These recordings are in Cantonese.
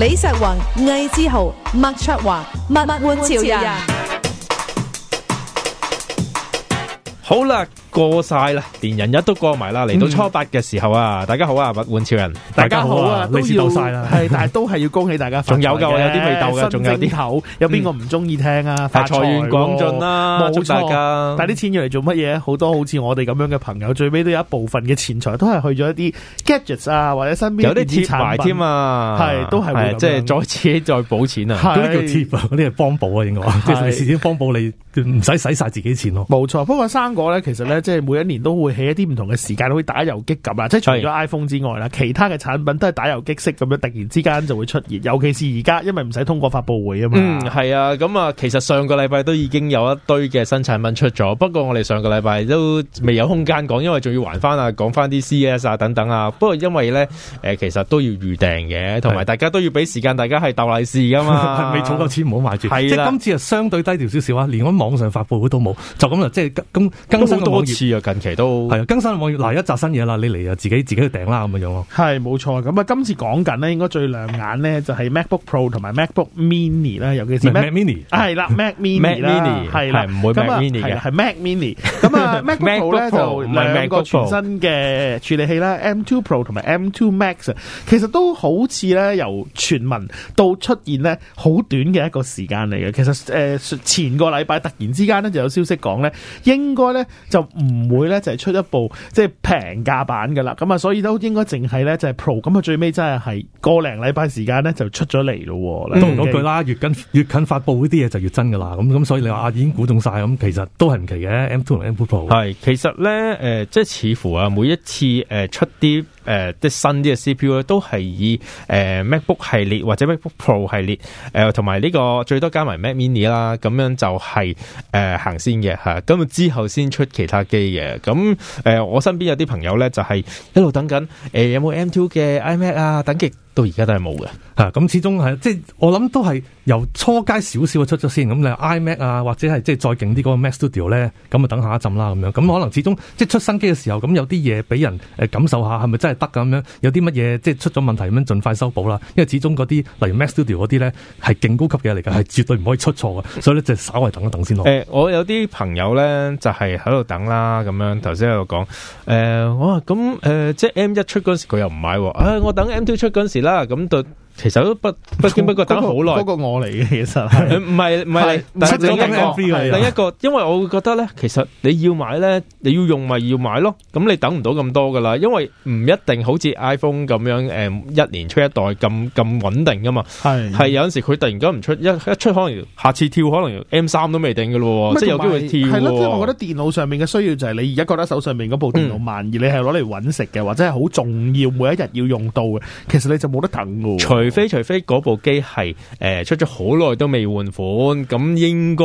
李石宏、魏志豪、麥卓華、物玩潮人，好啦。過晒啦，年廿一都過埋啦，嚟到初八嘅時候啊，大家好啊，物玩潮人，大家好啊，都知到晒啦，但係都係要恭喜大家。仲有噶，有啲未斗㗎。仲有啲口，有邊個唔中意聽啊？財源廣進啦，祝大家。但啲錢用嚟做乜嘢？好多好似我哋咁樣嘅朋友，最尾都有一部分嘅錢財都係去咗一啲 gadgets 啊，或者身邊有啲貼埋添啊，係都係，係即係再自己再補錢啊，嗰啲叫 tip 啊，嗰啲係幫補啊，應該，即係事先幫補你，唔使使晒自己錢咯。冇錯，不過生果咧，其實咧。即係每一年都會喺一啲唔同嘅時間，會打游擊咁啦。即係除咗 iPhone 之外啦，是其他嘅產品都係打游擊式咁樣，突然之間就會出現。尤其是而家，因為唔使通過發佈會啊嘛。係啊、嗯。咁啊，其實上個禮拜都已經有一堆嘅新產品出咗。不過我哋上個禮拜都未有空間講，因為仲要還翻啊，講翻啲 CS 啊等等啊。不過因為咧，誒，其實都要預訂嘅，同埋大家都要俾時間，大家係鬥利是噶嘛。未儲夠錢唔好買住。啊、即係今次啊，相對低調少少啊。連我網上發佈會都冇，就咁啦。即係更更新似啊！近期都係啊，更新我嗱，一集新嘢啦。你嚟就，自己自己去頂啦，咁樣樣咯。係冇錯，咁啊，今次講緊咧，應該最亮眼咧，就係 MacBook Pro 同埋 MacBook Mini 啦，尤其是 Mac Mini 係啦，Mac Mini 啦，係唔會 Mac Mini 嘅，係 Mac Mini。咁啊，MacBook Pro 咧就兩個全新嘅處理器啦，M2 Pro 同埋 M2 Max，其實都好似咧由傳聞到出現咧，好短嘅一個時間嚟嘅。其實誒，前個禮拜突然之間咧就有消息講咧，應該咧就。唔會咧就係出一部即係、就是、平價版嘅啦，咁啊所以都應該淨係咧就係 Pro，咁啊最尾真係係個零禮拜時間咧就出咗嚟咯。嗯、Okay 都唔講句啦，越近越近發布嗰啲嘢就越真噶啦，咁咁所以你話已經估中晒咁，其實都係唔奇嘅 M two 同 M two Pro 係，其實咧誒、呃、即係似乎啊每一次誒出啲。誒，即、呃、新啲嘅 CPU 咧，都係以誒 MacBook 系列或者 MacBook Pro 系列，誒同埋呢個最多加埋 Mac mini 啦，咁樣就係、是、誒、呃、行先嘅吓，咁啊之後先出其他機嘅。咁、啊、誒、呃，我身邊有啲朋友咧，就係、是、一路等緊，誒、呃、有冇 M2 嘅 iMac 啊，等極。到而家都係冇嘅，吓咁、啊、始終係即係我諗都係由初階少少嘅出咗先，咁你 iMac 啊或者係即係再勁啲嗰個 Mac Studio 咧，咁啊等下一陣啦咁樣，咁可能始終即係出新機嘅時候，咁有啲嘢俾人誒感受下係咪真係得咁樣，有啲乜嘢即係出咗問題咁樣盡快修補啦，因為始終嗰啲例如 Mac Studio 嗰啲咧係勁高級嘢嚟噶，係絕對唔可以出錯嘅， 所以咧就稍為等一等先咯。誒、欸，我有啲朋友咧就係喺度等啦，咁樣頭先喺度講，誒、呃，哇，咁誒、呃，即係 M 一出嗰時佢又唔買、啊，誒、啊，我等 M two 出嗰時。啦咁對。其實都不不經不覺等咗好耐，嗰個我嚟嘅，其實係唔係唔係，第一個。第一個，因為我會覺得咧，其實你要買咧，你要用咪要買咯。咁你等唔到咁多噶啦，因為唔一定好似 iPhone 咁樣誒，一年出一代咁咁穩定噶嘛。係係有陣時佢突然間唔出，一一出可能下次跳，可能 M 三都未定噶咯，即係有機會跳。係咯，即係我覺得電腦上面嘅需要就係你而家覺得手上面嗰部電腦慢，而你係攞嚟搵食嘅，或者係好重要，每一日要用到嘅，其實你就冇得等噶。除除非，除非嗰部機係誒出咗好耐都未換款，咁應該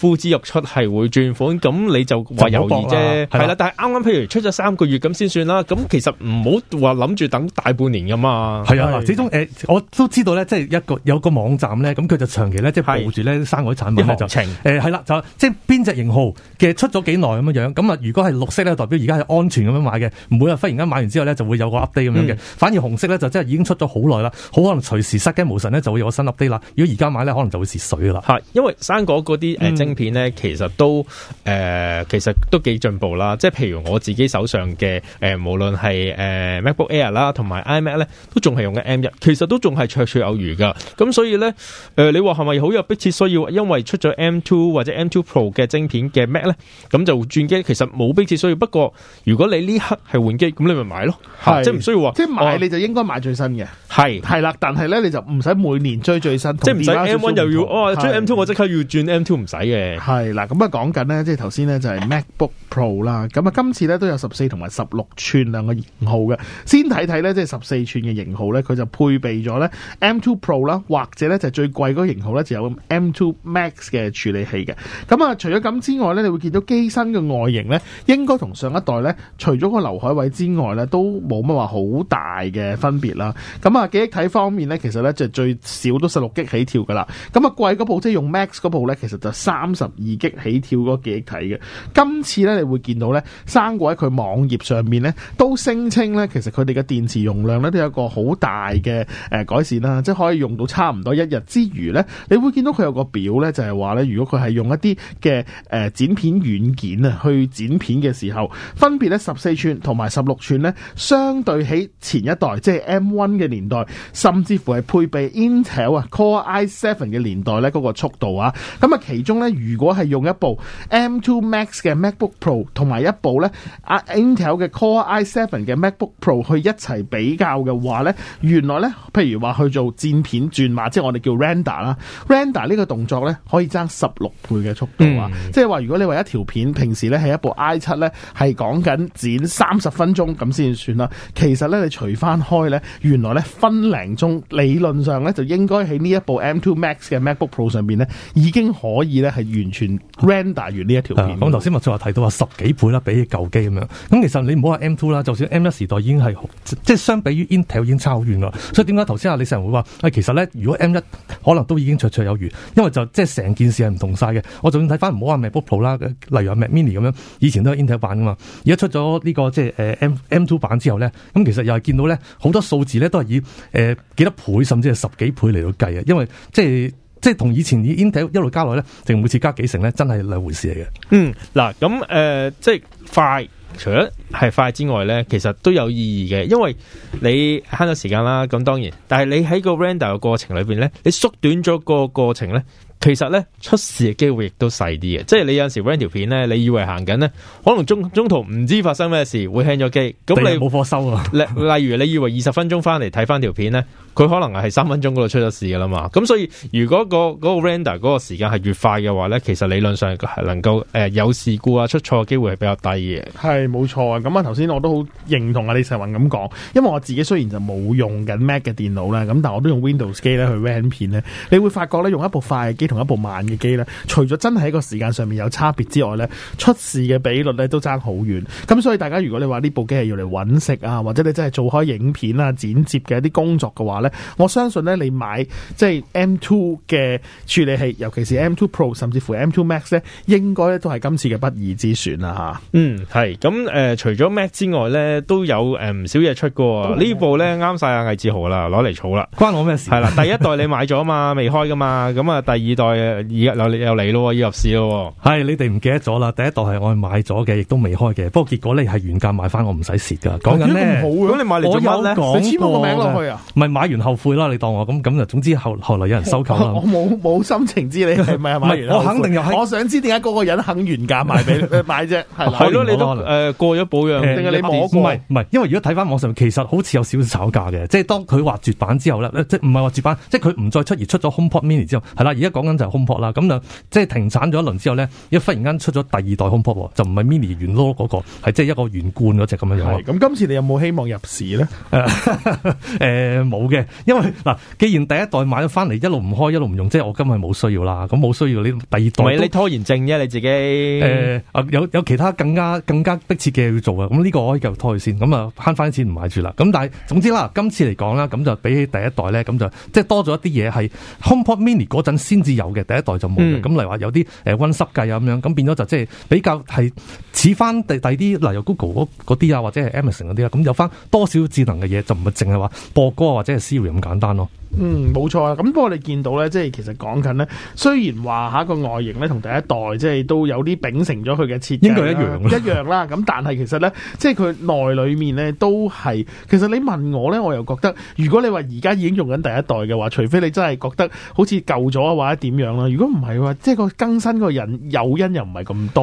呼之欲出係會轉款，咁你就唯有啫，係啦。是的但係啱啱，譬如出咗三個月咁先算啦。咁的其實唔好話諗住等大半年噶嘛。係啊，嗱，始終誒、呃，我都知道咧，即係一個有一個網站咧，咁、嗯、佢就長期咧即係報住咧生果產品嘅情。誒程，係啦、呃，就即係邊隻型號嘅出咗幾耐咁樣樣。咁啊，如果係綠色咧，代表而家係安全咁樣買嘅，唔會啊忽然間買完之後咧就會有個 update 咁樣嘅。嗯、反而紅色咧就即係已經出咗好耐啦，好隨時失驚無神咧，就會有新 update 啦。如果而家買咧，可能就會蝕水噶啦。因為生果嗰啲誒晶片咧，其實都誒、嗯呃，其實都幾進步啦。即係譬如我自己手上嘅誒、呃，無論係誒 MacBook Air 啦，同埋 iMac 咧，都仲係用緊 M 一，其實都仲係綽綽有餘噶。咁所以咧，誒、呃，你話係咪好有迫切需要？因為出咗 M two 或者 M two Pro 嘅晶片嘅 Mac 咧，咁就轉機。其實冇迫切需要。不過如果你呢刻係換機，咁你咪買咯。係是，即係唔需要話，即係買你就應該買最新嘅。係，係啦。但係咧，你就唔使每年追最新，不即係唔使 M1 又要，哦追 M2 我即刻要轉 M2 唔使嘅。係啦對，咁啊講緊咧，即係頭先咧就係 MacBook Pro 啦，咁啊今次咧都有十四同埋十六寸兩個型號嘅。先睇睇咧，即係十四寸嘅型號咧，佢就配備咗咧 M2 Pro 啦，或者咧就係最貴嗰個型號咧就有 M2 Max 嘅處理器嘅。咁啊，除咗咁之外咧，你會見到機身嘅外形咧，應該同上一代咧，除咗個劉海位之外咧，都冇乜話好大嘅分別啦。咁啊，記憶睇方。面咧，其實咧就最少都十六激起跳㗎喇。咁啊，貴嗰部即係用 Max 嗰部咧，其實就三十二激起跳嗰個記憶體嘅。今次咧，你會見到咧，生果喺佢網頁上面咧都聲稱咧，其實佢哋嘅電池容量咧都有一個好大嘅改善啦，即係可以用到差唔多一日之餘咧。你會見到佢有個表咧，就係話咧，如果佢係用一啲嘅、呃、剪片軟件啊，去剪片嘅時候，分別咧十四吋同埋十六吋咧，相對起前一代即係 M1 嘅年代甚。似乎係配備 Intel 啊 Core i7 嘅年代咧，個速度啊，咁啊，其中咧，如果係用一部 M2 Max 嘅 MacBook Pro 同埋一部咧 Intel 嘅 Core i7 嘅 MacBook Pro 去一齊比較嘅話咧，原來咧，譬如話去做剪片轉碼，即係我哋叫 render 啦，render 呢個動作咧可以爭十六倍嘅速度啊，嗯、即係話如果你話一條片平時咧係一部 i 七咧係講緊剪三十分鐘咁先算啦，其實咧你除翻開咧，原來咧分零鐘。理論上咧就應該喺呢一部 M2 Max 嘅 MacBook Pro 上邊咧，已經可以咧係完全 render 完呢一條片。咁頭先咪再話提到話十幾倍啦，比起舊機咁樣。咁、嗯、其實你唔好話 M2 啦，就算 M1 時代已經係即係，相比於 Intel 已經差好遠啦。所以點解頭先阿李成日會話誒，其實咧如果 M1 可能都已經綽綽有餘，因為就即係成件事係唔同晒嘅。我仲算睇翻唔好話 MacBook Pro 啦，例如 Mac mini 咁樣，以前都係 Intel 版噶嘛。而家出咗呢、這個即係誒 M M2 版之後咧，咁其實又係見到咧好多數字咧都係以誒、呃一倍甚至係十幾倍嚟到計啊，因為即係即係同以前 Intel 一路加落咧，定每次加幾成咧，真係兩回事嚟嘅。嗯，嗱咁誒，即係快，除咗係快之外咧，其實都有意義嘅，因為你慳咗時間啦。咁當然，但係你喺個 render 嘅過程裏邊咧，你縮短咗個過程咧，其實咧出事嘅機會亦都細啲嘅。即係你有陣時 render 條片咧，你以為行緊咧，可能中中途唔知發生咩事會 hang 咗機，咁你冇貨收啊。例例如你以為二十分鐘翻嚟睇翻條片咧。 佢可能係三分鐘嗰度出咗事噶啦嘛，咁所以如果個嗰個 render 嗰個時間係越快嘅話呢，其實理論上係能夠誒、呃、有事故啊出錯嘅機會係比較低嘅。係冇錯啊，咁啊頭先我都好認同啊李世云咁講，因為我自己雖然就冇用緊 Mac 嘅電腦啦咁，但我都用 Windows 機咧去 render 片呢。你會發覺咧，用一部快嘅機同一部慢嘅機呢，除咗真係一個時間上面有差別之外呢，出事嘅比率呢都爭好遠。咁所以大家如果你話呢部機係用嚟揾食啊，或者你真係做開影片啊剪接嘅一啲工作嘅話我相信咧，你買即係 M2 嘅處理器，尤其是 M2 Pro，甚至乎 M2 Max 咧，應該咧都係今次嘅不二之選吓，啊、嗯，係咁誒，除咗 Mac 之外咧，都有誒唔、呃、少嘢出過。呢部咧啱晒阿魏志豪啦，攞嚟儲啦，關我咩事？係啦，第一代你買咗嘛，未開噶嘛，咁啊第二代而又又嚟咯，要入市咯。係 你哋唔記得咗啦，第一代係我買咗嘅，亦都未開嘅。不過結果你係原價買翻，我唔使蝕噶。講緊咧，咁、啊、你買嚟做乜咧，你簽我個名落去啊，唔係、啊、買完。後悔啦！你當我咁咁總之後，後來有人收購啦。 我冇冇心情知你係咪係咪。我肯定又， 我想知點解嗰個人肯原價賣俾你 買啫。係咯， 你都誒、 呃、過咗保養。定係你冇？唔係唔係，因為如果睇翻網上，其實好似有少少炒價嘅。即係當佢話絕版之後咧，即係唔係話絕版，即係佢唔再出而出咗 HomePod Mini 之後，係啦。而家講緊就係 HomePod 啦，咁就即係停產咗一輪之後咧，一忽然間出咗第二代 HomePod，就唔係 Mini 原碌嗰、那個，係即係一個原罐嗰隻咁嘅樣。咁今次你有冇希望入市咧？誒、 呃，冇嘅。因為嗱，既然第一代買咗翻嚟，一路唔開，一路唔用，即係我今日冇需要啦。咁冇需要呢，第二代唔係你拖延症啫，你自己。誒、呃，有有其他更加更加迫切嘅要做啊。咁呢個可以繼續拖佢先。咁啊慳翻啲錢唔買住啦。咁但係總之啦，今次嚟講啦，咁就比起第一代咧，咁就即係多咗一啲嘢係 HomePod Mini 嗰陣先至有嘅，第一代就冇咁，嗯、例如話有啲誒溫濕計啊咁樣，咁變咗就即係比較係似翻第第啲，例如 Google 嗰啲啊，或者係 Amazon 嗰啲啦。咁有翻多少智能嘅嘢，就唔係淨係話播歌或者係。要咁簡單咯。嗯，冇錯啊。咁不過我哋見到咧，即係其實講緊咧，雖然話下個外形咧同第一代即係都有啲秉承咗佢嘅設計應該一樣啦。咁但係其實咧，即係佢內裏面咧都係其實你問我咧，我又覺得如果你話而家已經用緊第一代嘅話，除非你真係覺得好似舊咗或者點樣啦。如果唔係嘅話，即係個更新個人誘因又唔係咁多，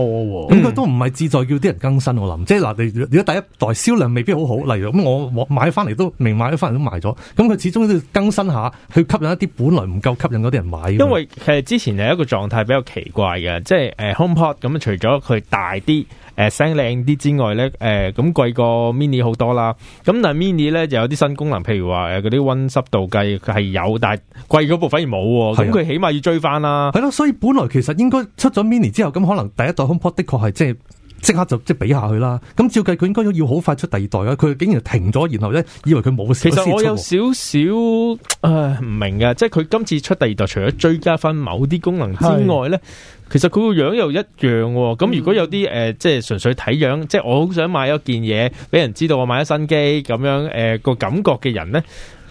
咁佢、嗯、都唔係志在叫啲人更新我諗。即係嗱，你如果第一代銷量未必好好，例如咁我買翻嚟都明買翻嚟都賣咗咁。始終都要更新下去，吸引一啲本來唔夠吸引嗰啲人買。因為誒、呃、之前係一個狀態比較奇怪嘅，即係誒、呃、HomePod 咁、呃，除咗佢大啲，誒、呃、聲靚啲之外咧，誒、呃、咁貴過 Mini 好多啦。咁但係 Mini 咧就有啲新功能，譬如話誒嗰啲溫濕度計係有，但係貴嗰部分而冇。咁佢、啊、起碼要追翻啦。係咯、啊，所以本來其實應該出咗 Mini 之後，咁可能第一代 HomePod 的確係即係。即刻就即俾下去啦。咁照計佢應該要好快出第二代呀。佢竟然停咗，然後咧，以為佢冇事。其實我有少少誒唔明嘅，即係佢今次出第二代，除咗追加翻某啲功能之外咧，是其實佢個樣又一樣。咁如果有啲誒、嗯呃，即係純粹睇樣，即係我好想買一件嘢，俾人知道我買咗新機咁樣誒，個、呃、感覺嘅人咧。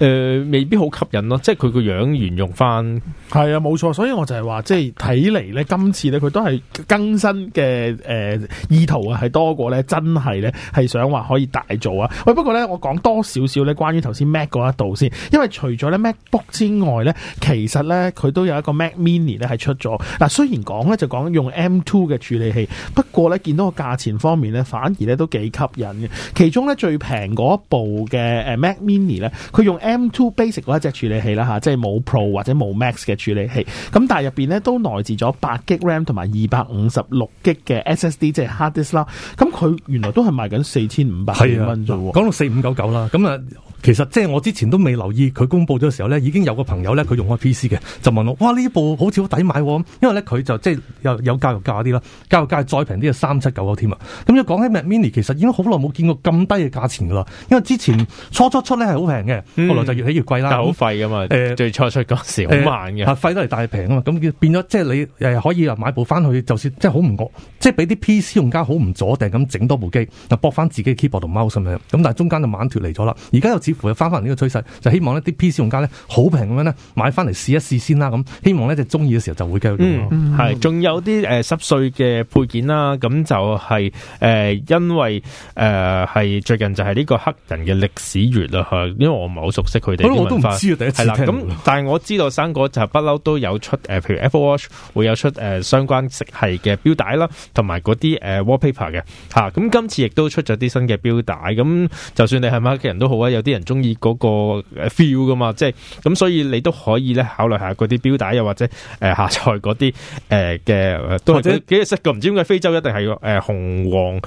誒、呃，未必好吸引咯，即係佢個樣沿用翻，係啊，冇錯，所以我就係話，即係睇嚟咧，今次咧佢都係更新嘅誒、呃、意圖啊，係多過咧真係咧係想話可以大做啊。喂，不過咧我講多少少咧關於頭先 Mac 嗰一度先，因為除咗咧 MacBook 之外咧，其實咧佢都有一個 Mac Mini 咧係出咗嗱。雖然講咧就講用 M2 嘅處理器，不過咧見到個價錢方面咧反而咧都幾吸引嘅。其中咧最平嗰部嘅誒 Mac Mini 咧，佢用 M2。M2 Basic 嗰一隻處理器啦吓，即係冇 Pro 或者冇 Max 嘅處理器，咁但係入邊咧都內置咗八 G RAM 同埋二百五十六 G 嘅 SSD，即係 Hard Disk 啦。咁，佢原來都係賣緊四千五百蚊啫喎，講到四五九九啦，咁啊。其實即係我之前都未留意佢公布咗嘅時候咧，已經有個朋友咧佢用開 PC 嘅，就問我：哇呢部好似好抵買喎、啊！因為咧佢就即係有有教育價啲啦，教育價再平啲係三七九九添啊！咁一講起 Mac Mini，其實已經好耐冇見過咁低嘅價錢噶啦，因為之前初初出咧係好平嘅，後來就越起越貴啦。咁好廢噶嘛？嗯、最初出嗰時好慢嘅，啊、欸，廢、欸、得嚟大平啊嘛，咁變咗即係你誒可以啊買部翻去，就算即係好唔覺，即係俾啲 PC 用家好唔阻定咁整多部機，就搏翻自己嘅 keyboard 同 mouse 咁樣。咁但係中間就慢脱離咗啦，而家又又翻翻呢個趨勢，就希望呢啲 P.C. 用家咧好平咁樣咧買翻嚟試一試先啦。咁希望咧就中意嘅時候就會繼續用。嗯，係。仲有啲誒、呃、十歲嘅配件啦，咁就係、是呃、因為誒係、呃、最近就係呢個黑人嘅歷史月啊去，因為我唔係好熟悉佢哋嘅文化。我都唔知第一次聽。係啦，咁但係我知道生果就不嬲都有出譬如 Apple Watch 會有出、呃、相關色系嘅表帶啦，同埋嗰啲、呃、wallpaper 嘅咁、啊、今次亦都出咗啲新嘅表帶。咁就算你係咪黑人都好啊，有啲人，中意嗰個 feel 噶嘛，即係咁，所以你都可以咧考慮下嗰啲錶帶，又或者誒下載嗰啲誒嘅，都是或者幾識唔知點解非洲一定係誒、呃、紅黃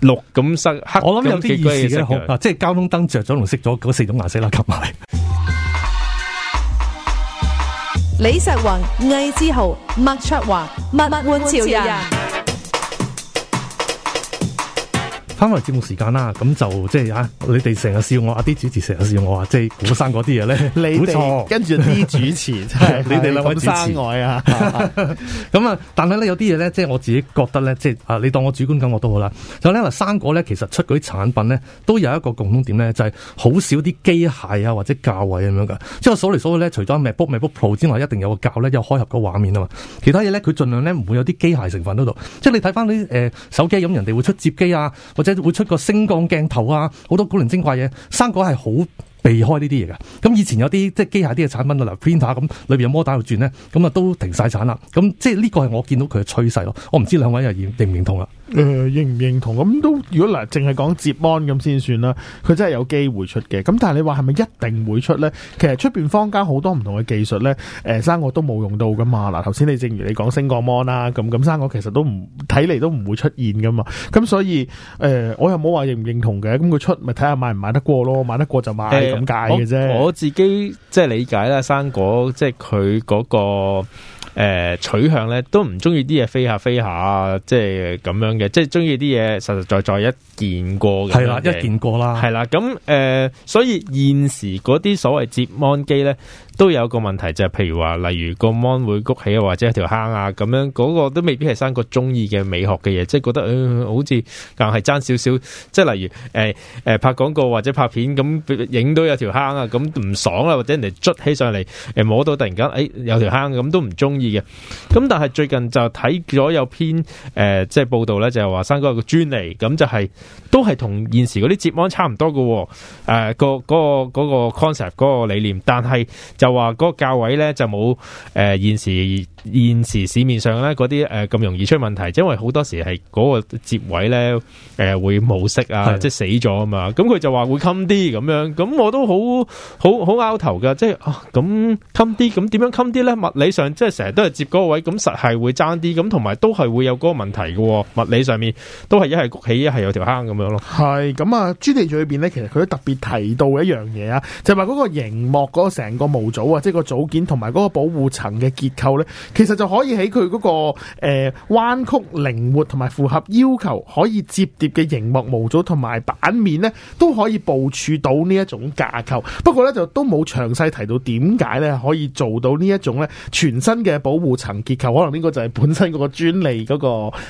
綠咁色黑的，我諗有啲意思啦，即係交通燈着咗同熄咗嗰四種顏色啦，咁啊。李石宏、魏之豪、麥卓華、麥麥換潮人。翻嚟節目時間啦，咁就即係啊！你哋成日笑我阿啲、啊、主持成日笑我話，即係講生果啲嘢咧。你哋們錯跟住啲主持， 真係你哋兩位講生果啊！咁啊， 但係咧有啲嘢咧，即係我自己覺得咧，即係啊！你當我主觀感覺都好啦。就咧話生果咧，其實出嗰啲產品咧，都有一個共通點咧，就係、是、好少啲機械啊，或者鉸位咁樣噶。即係我數嚟數去咧，除咗 MacBook、MacBook Pro 之外，一定有個鉸咧，有開合個畫面啊嘛。其他嘢咧，佢儘量咧唔會有啲機械成分嗰、啊、度。即係你睇翻啲誒手機咁，人哋會出摺機啊，即會出個升降鏡頭啊，好多古靈精怪嘢，生果係好避開呢啲嘢噶。咁以前有啲即係機械啲嘅產品，嗱 printer 咁，裏邊有摩打喺度轉咧，咁啊都停晒產啦。咁即係呢個係我見到佢嘅趨勢咯。我唔知兩位又認唔認同啦。誒，認唔認同咁都？如果嗱，淨係講摺芒咁先算啦，佢真係有機會出嘅。咁但係你話係咪一定會出呢？其實出面坊間好多唔同嘅技術呢，誒，生果都冇用到噶嘛。嗱，頭先你正如你講升個 mon 啦，咁咁生果其實都唔，睇嚟都唔會出現噶嘛。咁所以誒，我又冇話認唔認同嘅。咁佢出咪睇下買唔買得過咯？買得過就買咁解嘅啫。我自己即係理解啦，生果即係佢嗰個。誒、呃、取向咧都唔中意啲嘢飛下飛下，即係咁樣嘅，即係中意啲嘢實實在在一見過嘅。係啦，一見過啦。係啦，咁誒、呃，所以現時嗰啲所謂摺芒機咧。都有個問題就係、是，譬如話，例如個芒會谷起啊，或者有條坑啊，咁樣嗰、那個都未必係生哥中意嘅美學嘅嘢，即係覺得、呃、好似硬係爭少少。即係例如、呃呃、拍廣告或者拍片咁，影到有條坑啊，咁唔爽啊或者人哋捽起上嚟、呃、摸到突然間誒、欸、有條坑咁都唔中意嘅。咁但係最近就睇咗有篇、呃、即係報道咧，就係、是、話生哥有個專利咁就係、是、都係同現時嗰啲摺芒差唔多嘅、啊，誒、呃、嗰、那個那個那個 concept 嗰個理念，但係就。就話個價位咧就冇誒、呃、現時現時市面上咧嗰啲誒咁容易出問題，因為好多時係嗰個接位咧誒、呃、會冇色啊，的即係死咗啊嘛。咁佢就話會襟啲咁樣，咁我都好好好拗頭噶，即係啊咁襟啲，咁點樣襟啲咧？物理上即係成日都係接嗰個位，咁實係會爭啲，咁同埋都係會有嗰個問題嘅。物理上面都係一係谷起，一係有條坑咁樣咯。係咁啊，朱地裏邊咧，其實佢都特別提到一樣嘢啊，就話、是、個熒幕嗰個成個模。組啊，即係個組件同埋嗰個保護層嘅結構咧，其實就可以喺佢嗰個誒彎曲靈活同埋符合要求可以摺疊嘅螢幕模組同埋版面咧，都可以部署到呢一種架構。不過咧就都冇詳細提到點解咧可以做到呢一種咧全新嘅保護層結構。可能呢個就係本身嗰個專利嗰個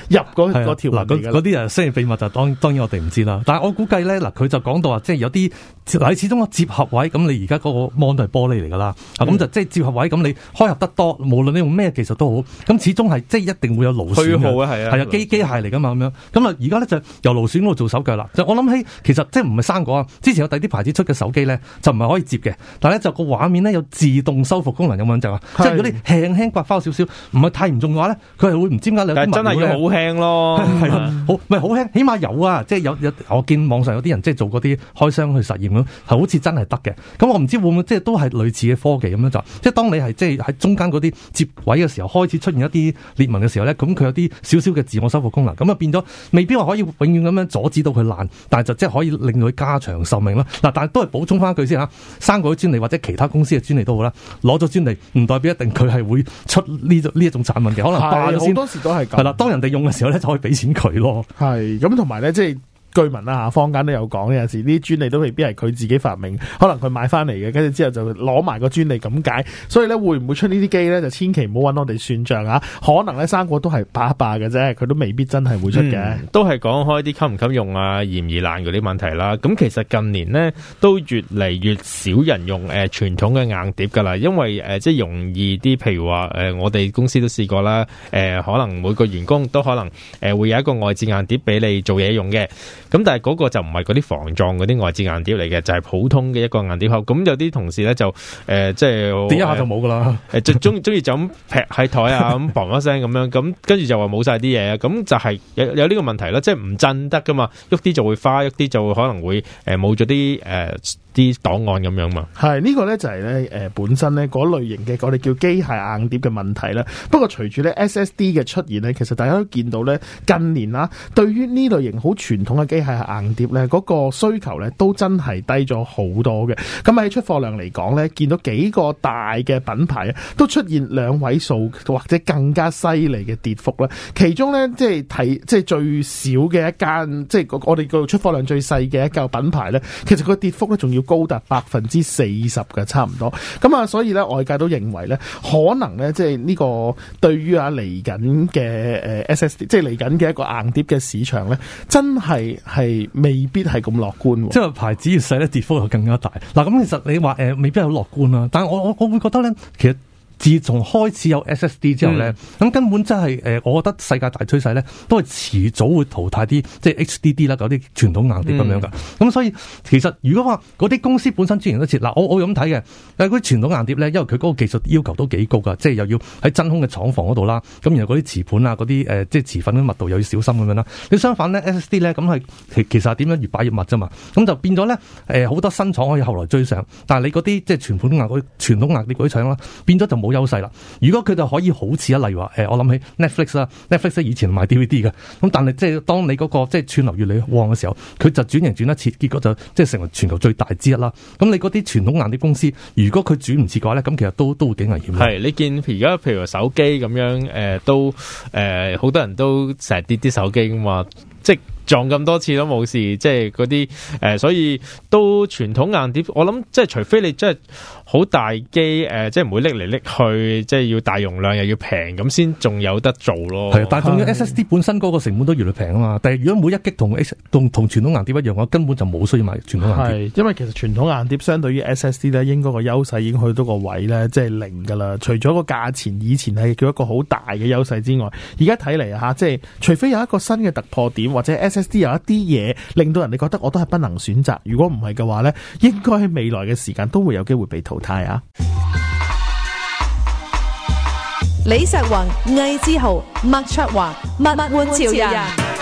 入嗰個條嗱嗰啲人雖然秘密就當然當然我哋唔知啦。但係我估計咧嗱，佢就講到話即係有啲嗱，始終個接合位咁，你而家嗰個芒都係玻璃嚟噶啦。咁就即係接合位咁，你開合得多，無論你用咩技術都好，咁始終係即係一定會有勞損嘅，係啊，機機的的械，嚟噶嘛，咁樣，咁啊而家咧就由勞損嗰度做手腳啦。就我諗起，其實即係唔係生果啊，之前有第啲牌子出嘅手機咧就唔係可以接嘅，但係咧就個畫面咧有自動修復功能咁樣就話，的即係如果你輕輕刮花少少，唔係太嚴重嘅話咧，佢係會唔知點解兩，但係真係要好輕咯，係啊、 嗯，好唔係好輕，起碼有啊，即係有有，有，我見網上有啲人即係做嗰啲開箱去實驗咯，係好似真係得嘅。咁我唔知會唔會即係都係類似嘅科技咁樣就，即係當你係即係喺中間嗰啲接位嘅時候，開始出現一啲裂紋嘅時候咧，咁佢有啲少少嘅自我修復功能，咁啊變咗未必話可以永遠咁樣阻止到佢爛，但係就即係可以令佢加長壽命咯。嗱，但係都係補充翻一句先吓，生果專利或者其他公司嘅專利都好啦，攞咗專利唔代表一定佢係會出呢呢一種產品嘅，可能但係好多時都係係啦，當人哋用嘅時候咧就可以俾錢佢咯。係咁同埋咧即係。據聞啦，坊間都有講，有時啲專利都未必係佢自己發明，可能佢買翻嚟嘅，跟住之後就攞埋個專利咁解。所以咧，會唔會出呢啲機呢？就千祈唔好揾我哋算賬啊。可能咧，生果都係霸一霸嘅啫，佢都未必真係會出嘅、嗯。都係講開啲襟唔襟用啊，易唔易爛啲問題啦。咁其實近年呢，都越嚟越少人用誒、呃、傳統嘅硬碟噶啦，因為誒、呃、即係容易啲，譬如話誒、呃、我哋公司都試過啦，誒、呃、可能每個員工都可能誒、呃、會有一個外置硬碟俾你做嘢用嘅。咁但係嗰個就唔係嗰啲防撞嗰啲外置硬碟嚟嘅，就係、是、普通嘅一個硬碟盒。咁有啲同事咧就誒、呃，即係跌一下就冇噶啦。誒、呃，最鍾鍾意就咁劈喺台啊，咁砰一聲咁樣，咁跟住就話冇晒啲嘢。咁就係有有呢個問題啦，即係唔震得噶嘛，喐啲就會花，喐啲就會可能會誒冇咗啲誒。呃啲檔案咁樣嘛，係呢個咧就係咧誒本身咧嗰類型嘅我哋叫機械硬碟嘅問題咧。不過隨住咧 SSD 嘅出現咧，其實大家都見到咧近年啊，對於呢類型好傳統嘅機械硬碟咧，嗰個需求咧都真係低咗好多嘅。咁喺出貨量嚟講咧，見到幾個大嘅品牌都出現兩位數或者更加犀利嘅跌幅咧。其中咧即係睇即係最少嘅一間，即係我哋叫出貨量最細嘅一嚿品牌咧，其實個跌幅咧仲要。要高達百分之四十嘅差唔多，咁啊，所以咧外界都認為咧，可能咧即係呢個對於啊嚟緊嘅誒 S S D 即係嚟緊嘅一個硬碟嘅市場咧，真係係未必係咁樂觀。即係牌子越細咧，跌幅又更加大。嗱，咁其實你話誒，未必係好樂觀啦。但係我我我會覺得咧，其實。自從開始有 SSD 之後咧，咁、嗯、根本真係誒，我覺得世界大趨勢咧，都係遲早會淘汰啲即係 HDD 啦，嗰啲傳統硬碟咁樣噶。咁、嗯、所以其實如果話嗰啲公司本身經營得切，嗱我我咁睇嘅，誒嗰啲傳統硬碟咧，因為佢嗰個技術要求都幾高噶，即係又要喺真空嘅廠房嗰度啦，咁然後嗰啲磁盤啊嗰啲誒即係磁粉嘅密度又要小心咁樣啦。你相反咧 SSD 咧咁係其其實點樣越擺越密啫嘛，咁就變咗咧誒好多新廠可以後來追上，但係你嗰啲即係傳統硬嗰傳統硬碟嗰啲廠啦，變咗就冇好優勢啦！如果佢就可以好似一例如話誒，我諗起 Netflix 啦，Netflix 以前賣 DVD 嘅，咁但係即係當你嗰個即係串流越嚟越旺嘅時候，佢就轉型轉得切，結果就即係成為全球最大之一啦。咁你嗰啲傳統硬啲公司，如果佢轉唔切嘅話咧，咁其實都都幾危險。係你見而家譬如手機咁樣誒，都誒好多人都成日跌啲手機噶嘛，即係。撞咁多次都冇事，即係嗰啲誒，所以都傳統硬碟，我諗即係除非你真係好大機誒、呃，即係唔會搦嚟搦去，即係要大容量又要平，咁先仲有得做咯。但仲要 SSD 本身嗰個成本都越來越平啊嘛。是但係如果每一擊同同同傳統硬碟一樣，我根本就冇需要買傳統硬碟。因為其實傳統硬碟相對於 SSD 咧，應該個優勢已經去到個位咧，即係零㗎啦。除咗個價錢以前係叫一個好大嘅優勢之外，而家睇嚟下，即係除非有一個新嘅突破點或者 SS。有啲嘢令到人哋覺得我都係不能選擇。如果唔係嘅話呢，應該喺未來嘅時間都會有機會被淘汰啊！李石宏、魏志豪、麥卓華、物玩潮人。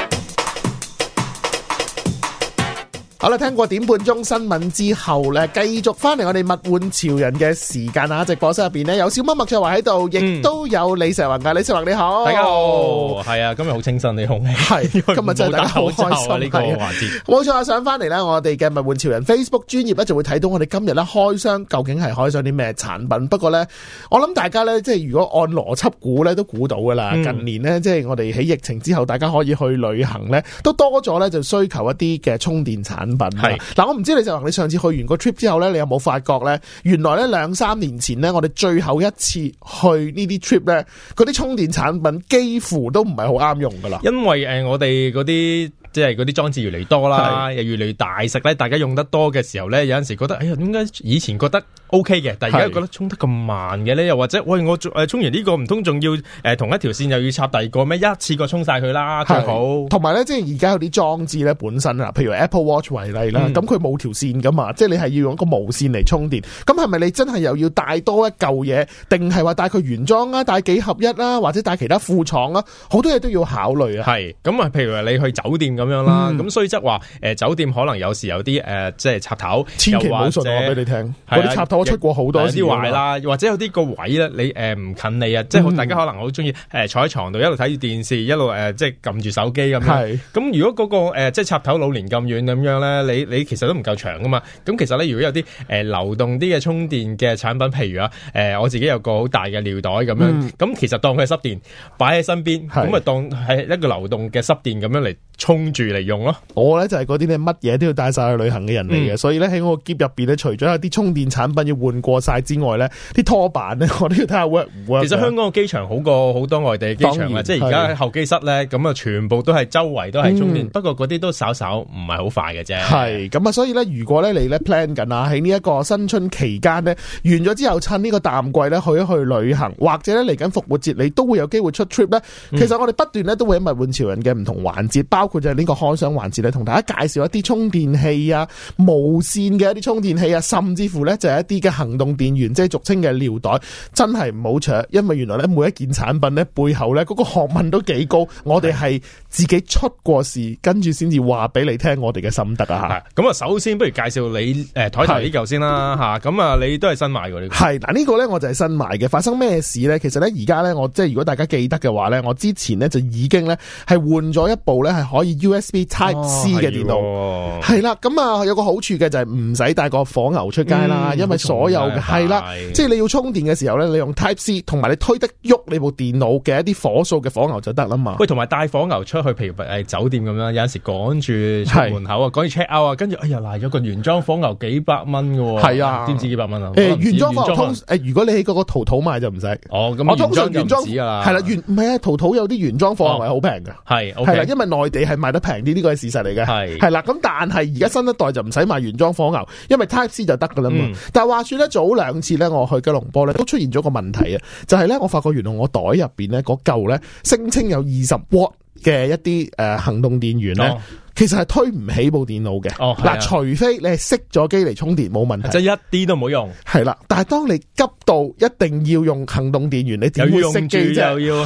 好啦，聽過點半鐘新聞之後咧，繼續翻嚟我哋物玩潮人嘅時間啊！直播室入邊呢，有小貓麥卓華喺度，亦、嗯、都有李兆華嘅，李兆華你好，大家好，係啊！今日好清新你空氣，係今日真係好開心呢個環節。冇錯啊，錯上翻嚟咧，我哋嘅物玩潮人 Facebook 專頁咧，就會睇到我哋今日咧開箱究竟係開咗啲咩產品。不過咧，我諗大家咧，即係如果按邏輯估咧，都估到噶啦。嗯、近年咧，即係我哋喺疫情之後，大家可以去旅行咧，都多咗咧，就需求一啲嘅充電產品嗱，是我唔知你就話，你上次去完個 trip 之後呢，你有冇發覺呢？原來呢兩三年前呢，我哋最後一次去呢啲 trip 呢，嗰啲充電產品幾乎都唔係好啱用噶啦。因為誒、呃，我哋嗰啲。即係嗰啲裝置越嚟越多啦，又越嚟越大，食咧，大家用得多嘅時候咧，有陣時覺得，哎呀，點解以前覺得 O K 嘅，但係而家覺得充得咁慢嘅咧？又或者，喂，我誒充完呢個，唔通仲要誒同一條線又要插第二個咩？一次過充晒佢啦，最好。同埋咧，即係而家有啲裝置咧本身啦，譬如 Apple Watch 為例啦，咁佢冇條線噶嘛，即係你係要用一個無線嚟充電。咁係咪你真係又要帶多一嚿嘢，定係話帶佢原裝啊，帶幾合一啦，或者帶其他副廠啊？好多嘢都要考慮啊。係咁啊，譬如話你去酒店咁。咁樣啦，咁、嗯、所以則話，誒、呃、酒店可能有時有啲誒、呃，即係插頭，千祈唔好俾你聽。係、啊、插頭我出過好多有啲壞啦，或者有啲個位咧，你誒唔、呃、近你啊，嗯、即係大家可能好中意誒坐喺床度一路睇住電視，一路誒、呃、即係撳住手機咁樣。咁是如果嗰、那個誒、呃、即係插頭老年咁遠咁樣咧，你你其實都唔夠長噶嘛。咁其實咧，如果有啲誒、呃、流動啲嘅充電嘅產品，譬如啊，誒、呃、我自己有個好大嘅尿袋咁樣，咁、嗯、其實當佢係濕電擺喺身邊，咁啊是當係一個流動嘅濕電咁樣嚟充。住嚟用咯，我咧就係嗰啲咧乜嘢都要帶晒去旅行嘅人嚟嘅，所以咧喺我個篋入邊咧，除咗有啲充電產品要換過晒之外咧，啲拖板咧我都要睇下 work 唔 work。其實香港個機場好過好多外地機場啊，即係而家喺候機室咧，咁啊全部都係周圍都係充電，不過嗰啲都稍稍唔係好快嘅啫。係咁啊，所以咧，如果咧你咧 plan 緊啊喺呢一個新春期間咧完咗之後趁呢個淡季咧去一去旅行，或者咧嚟緊復活節你都會有機會出 trip 咧。其實我哋不斷咧都會喺物玩潮人嘅唔同環節，包括就。呢個開箱環節咧，同大家介紹一啲充電器啊、無線嘅一啲充電器啊，甚至乎呢就係一啲嘅行動電源，即係俗稱嘅尿袋，真係唔好搶，因為原來呢每一件產品呢，背後呢嗰個學問都幾高，我哋係。自己出過事，跟住先至話俾你聽，我哋嘅心得啊！咁啊，首先不如介紹你誒台頭呢嚿先啦嚇。咁、呃、啊的，你都係、呢個、新買呢啲？係嗱，呢個咧我就係新買嘅。發生咩事咧？其實咧，而家咧，我即係如果大家記得嘅話咧，我之前咧就已經咧係換咗一部咧係可以 USB Type C 嘅電腦，係啦、哦。咁啊，有個好處嘅就係唔使帶個火牛出街啦，嗯、因為所有嘅。係啦，帶即係你要充電嘅時候咧，你用 Type C 同埋你推得喐你部電腦嘅一啲火數嘅火牛就得啦嘛。喂，同埋帶火牛出去。譬如酒店咁樣有陣時趕住出門口啊，趕住 check out 啊，跟住哎呀攞咗個原裝火牛幾百蚊嘅，係啊,啊，知唔知幾百蚊啊？欸、原裝我通如果你喺嗰個淘淘買就唔使哦。咁我通常原裝係啦，圖圖原唔係啊，淘淘有啲原裝貨係好平嘅，係係、okay, 因為內地係賣得平啲，呢、這個係事實嚟嘅，係係啦。咁但係而家新一代就唔使買原裝火牛，因為 Type C 就得噶啦嘛。嗯、但係話說咧，早兩次咧，我去吉隆坡咧都出現咗個問題啊，就係、是、咧我發覺原來我袋入邊咧嗰嚿咧聲稱有二十嘅一啲誒、呃、行動電源咧，oh. 其實係推唔起部電腦嘅。哦、oh。嗱，除非你係熄咗機嚟充電冇問題，即係、就是、一啲都冇用。係啦，但係當你急到一定要用行動電源，你點會熄機啫？係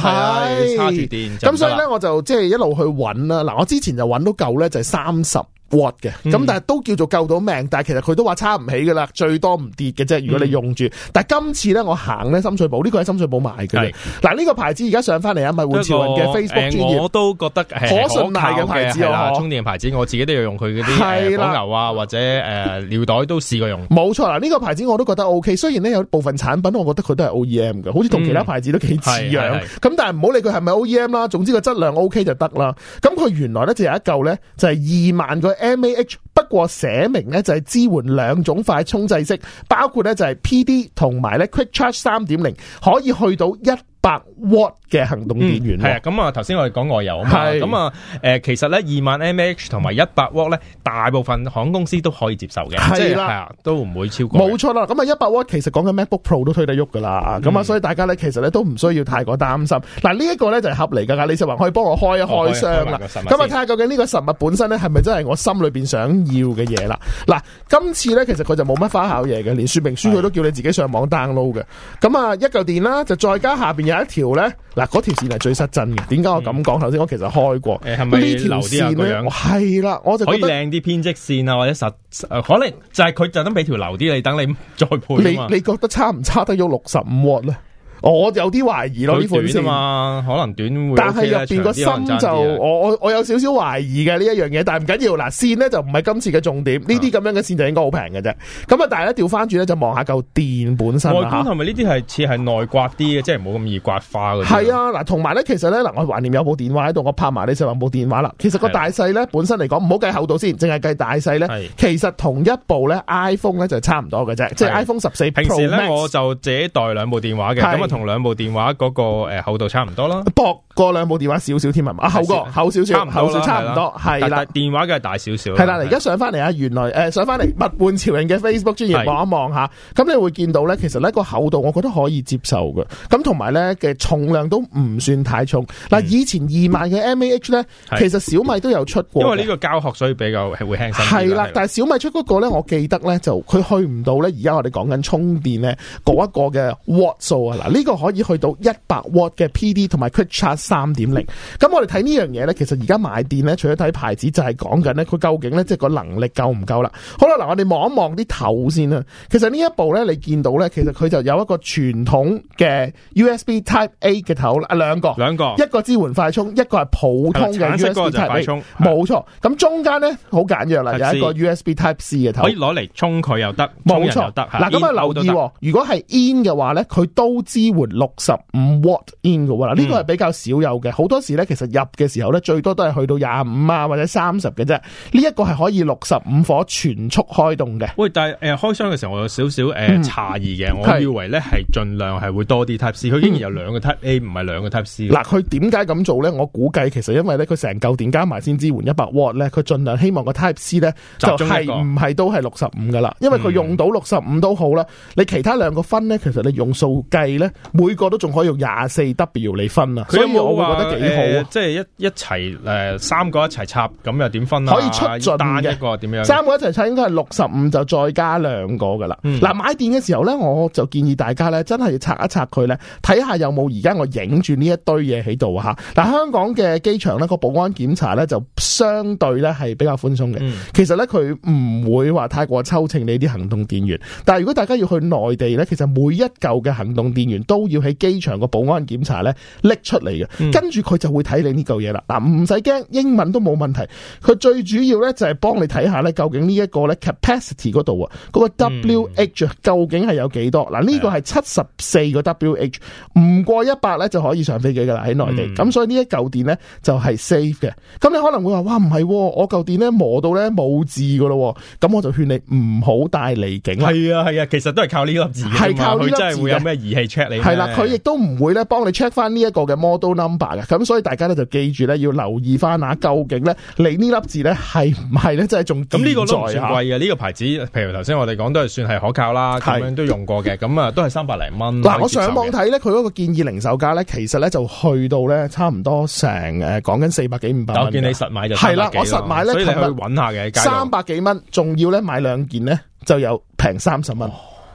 插電。咁所以咧，我就即係一路去揾啦。嗱，我之前就揾到舊咧，就係三十。嘅咁，What the, 嗯、但係都叫做救到命，但係其實佢都話差唔起噶啦，最多唔跌嘅啫。如果你用住，嗯、但係今次咧我行咧深水埗，呢、這個喺深水埗買嘅。嗱呢是、這個牌子而家上翻嚟啊，物玩潮人嘅 Facebook 專頁，我都覺得係可，可信賴嘅牌子咯。充電牌子我自己都要用佢嗰啲火牛啊，或者誒、呃、尿袋都試過用。冇 錯啦，呢、這個牌子我都覺得 O、OK, K，雖然咧有部分產品我覺得佢都係 O E M 嘅，好似同其他牌子都幾似樣。咁、嗯、但係唔好理佢係咪 O E M 啦，總之個質量 O、OK、K 就得啦。咁佢原來咧就有、是、一嚿咧就係、是、二萬個。M A H 不過寫明咧就係支援兩種快充制式，包括咧就係 P D 同埋咧 Quick Charge 三點零，可以去到一。百 w 嘅行動電源係啊，咁啊頭先我哋講外遊啊嘛，咁啊誒，其實咧二萬 mAh 同埋一百 w 咧，大部分航空公司都可以接受嘅，即係啦的，都唔會超過。冇錯啦，咁啊一百 w 其實講緊 MacBook Pro 都推得喐噶啦，咁啊、嗯，所以大家咧其實咧都唔需要太過擔心。嗱呢一個咧就係盒嚟噶，李少話可以幫我開一開箱啦，咁啊睇下究竟呢個實物本身咧係咪真係我心裏邊想要嘅嘢啦？嗱，今次咧其實佢就冇乜花巧嘢嘅，連說明書佢都叫你自己上網 download 嘅，咁的啊一嚿電啦，就再加下邊有一條咧，嗱，嗰條線係最失真嘅。點解我咁講？頭先、嗯、我其實開過，誒係咪流啲咁樣？係啦，我就覺得可以靚啲編織線啊，或者實，呃、可能就係佢就噉俾條流啲你等你再配。你你覺得差唔差得咗六十五瓦咧？我有啲懷疑咯呢款盤嘛，可能短會。但係入邊個心就我我我有少少懷疑嘅呢一樣嘢，但係唔緊要。嗱線咧就唔係今次嘅重點，呢啲咁樣嘅線就應該好平嘅啫。咁啊，但係咧調翻轉咧就望下嚿電本身。外觀同埋呢啲係似係內刮啲嘅，即係唔好咁易刮花嘅。係啊，嗱同埋咧其實咧嗱，我懷念有部電話喺度，我拍埋你上部電話啦。其實個大細咧本身嚟講，唔好計厚度先，淨係計大細咧。其實同一部咧 iPhone 咧就差唔多嘅啫，即係 iPhone 十四 Pro Max。平時咧我就自己帶兩部電話嘅。同兩部電話嗰個厚度差唔多咯，薄過兩部電話少少添啊厚個厚少少，厚少差唔多，係啦，電話梗係大少少。係啦，而家上翻嚟啊，原來誒上翻嚟物玩潮人嘅 Facebook 專頁望一望嚇，咁你會見到咧，其實呢個厚度我覺得可以接受嘅，咁同埋咧嘅重量都唔算太重。嗱，以前二萬嘅 mAh 咧，其實小米都有出過，因為呢個教學所以比較係會輕身。係啦，但係小米出嗰個咧，我記得咧就佢去唔到咧，而家我哋講緊充電咧嗰一個嘅 Watt 數啊，嗱呢。呢個可以去到一百瓦嘅 PD 同埋 Quick Charge 三點零。咁我哋睇呢樣嘢咧，其實而家買電咧，除咗睇牌子，就係講緊咧，佢究竟咧即係個能力夠唔夠啦。好啦，嗱，我哋望一望啲頭先啦。其實呢一部咧，你見到咧，其實佢就有一個傳統嘅 USB Type A 嘅頭，啊，兩個，兩個，一個支援快充，一個係普通嘅。個就係快充，冇錯。咁中間咧好簡約啦，有一個 USB Type C 嘅頭，可以攞嚟充佢又得，冇錯得。嗱，咁啊留意，如果係 In 嘅話咧，佢都支。活六十五瓦 in 嘅啦，呢、這個係比較少有嘅。好、嗯、多時咧，其實入嘅時候咧，最多都係去到廿五啊，或者三十嘅啫。呢、這、一個係可以六十五火全速開動嘅。喂，但係誒、呃、開箱嘅時候，我有少少誒詫異嘅。呃嗯、我以為咧係盡量係會多啲 t y p e C，佢竟是然有兩個 t y p e A 唔係兩個 t y p e C 嗱，佢點解咁做咧？我估計其實因為咧，佢成嚿電加埋先支援一百瓦咧，佢盡量希望個 t y p e C 咧就係唔係都係六十五噶啦。因為佢用到六十五都好啦，嗯、你其他兩個分咧，其實你用數計咧。每個都仲可以用廿四 W 你分啊，有有所以我覺得幾好、啊呃，即係一一齊誒三個一齊插，咁又點分啊？可以出盡嘅，三個一齊插,、啊、插應該係六十五，就再加兩個噶啦。嗱、嗯，買電嘅時候咧，我就建議大家咧，真係要拆一拆佢咧，睇下有冇而家我影住呢一堆嘢喺度啊吓。嗱，香港嘅機場呢個保安檢查咧就相對咧係比較寬鬆嘅，嗯、其實咧佢唔會話太過抽清你啲行動電源，但係如果大家要去內地咧，其實每一嚿嘅行動電源都要喺機場個保安檢查咧，拎出嚟嘅，嗯、跟住佢就會睇你呢嚿嘢啦。嗱、啊，唔使驚，英文都冇問題。佢最主要咧就係、是、幫你睇下咧，究竟呢一、那個咧 capacity 嗰度啊，嗰、這個、個 wh 究竟係有幾多？嗱，呢個係七十四個 wh，唔過一百咧就可以上飛機噶啦。喺內地咁，嗯、所以呢一嚿電咧就係、是、safe 嘅。咁你可能會話：哇，唔係、啊，我嚿電咧磨到咧冇字噶咯。咁我就勸你唔好帶離境啦。係啊，係啊，其實都係靠呢個字，係靠呢粒字。真係會有咩儀器 check？係啦，佢亦都唔會咧幫你 check 翻呢一個嘅 model number 嘅，咁所以大家咧就記住咧要留意翻下究竟咧你呢粒字咧係唔係咧，即係仲咁呢個都唔算貴嘅呢個牌子。譬如頭先我哋講都係算係可靠啦，咁樣都用過嘅，咁啊 都係三百零蚊。嗱，我上網睇咧，佢嗰個建議零售價咧，其實咧就去到咧差唔多成誒，講緊四百幾五百蚊，我見你實買就係啦，我實買咧，今日揾下嘅，三百幾蚊，仲要咧買兩件咧就有平三十蚊。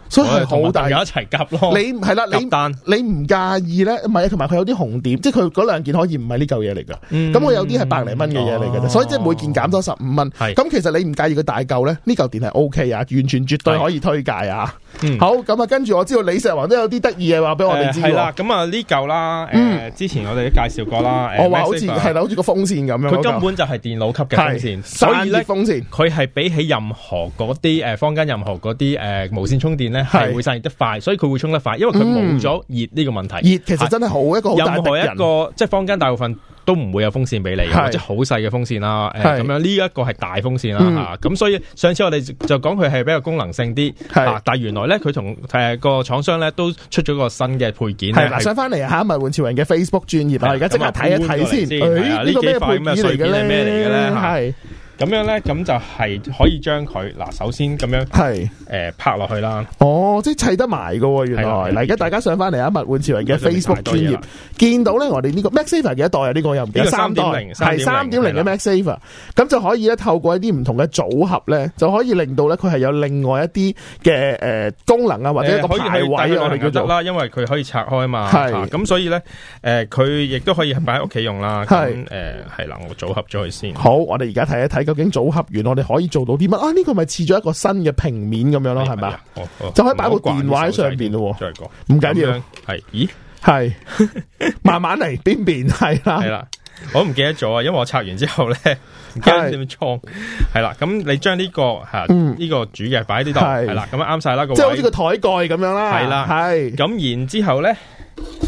所以係好大，家一齊夾咯。你係啦，你你唔介意咧？唔係同埋佢有啲紅點，即係佢嗰兩件可以唔係呢嚿嘢嚟噶。咁我有啲係百零蚊嘅嘢嚟嘅，啫。所以即係每件減咗十五蚊。咁其實你唔介意佢大嚿咧？呢嚿電係 O K 啊，完全絕對可以推介啊。好，咁啊，跟住我知道李石華都有啲得意嘅話俾我哋知。係啦，咁啊呢嚿啦，誒之前我哋都介紹過啦。我話好似係攬住個風扇咁樣，佢根本就係電腦級嘅風扇，所以風扇。佢係比起任何嗰啲誒坊間任何嗰啲誒無線充電係會散熱得快，所以佢會沖得快，因為佢冇咗熱呢個問題。熱其實真係好一個好大。任何一個即係坊間大部分都唔會有風扇俾你，即係好細嘅風扇啦。咁樣呢一個係大風扇啦吓。咁所以上次我哋就講佢係比較功能性啲吓。但係原來咧，佢同誒個廠商咧都出咗個新嘅配件。係嗱，上翻嚟下一物玩潮人嘅 Facebook 專頁啊，而家即刻睇一睇先。誒，呢個咩配件嚟嘅咧？咁樣咧，咁就係可以將佢嗱，首先咁樣係誒拍落去啦。哦，即係砌得埋噶，原來嗱而家大家上翻嚟吖，物玩潮人嘅 Facebook 專頁，見到咧我哋呢個 MacSaver 幾多代啊？呢個又唔知三點零係三點零嘅 MacSaver，咁就可以咧透過一啲唔同嘅組合咧，就可以令到咧佢係有另外一啲嘅誒功能啊，或者個大位我哋叫做啦，因為佢可以拆開嘛。係咁，所以咧誒佢亦都可以係擺喺屋企用啦。係誒係啦，我組合咗佢先。好，我哋而家睇一睇。究竟組合完我哋可以做到啲乜啊？呢個咪似咗一個新嘅平面咁樣咯，係咪？就可以擺部電話喺上邊咯。再講，唔緊要。係，咦？係，慢慢嚟，邊邊？係啦。係啦，我都唔記得咗啊！因為我拆完之後咧，跟住創係啦。咁你將呢個吓呢個主嘅擺喺呢度係啦，咁啱晒啦。即係好似個台蓋咁樣啦。係啦，係。咁然之後咧。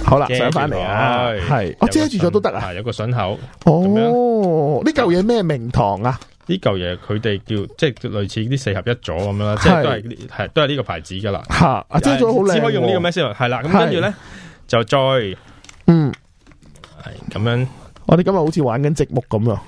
好啦，上翻嚟係，我、哦、遮住咗都得啊，有個筍口哦，呢舊嘢咩名堂啊？呢舊嘢佢哋叫即係類似啲四合一咗咁樣啦，即係都係係是都係呢個牌子噶啦，吓啊遮咗好靚，只可以用個是呢個咩先？係啦，咁跟住咧就再嗯係咁樣，我哋今日好似玩緊積木咁啊！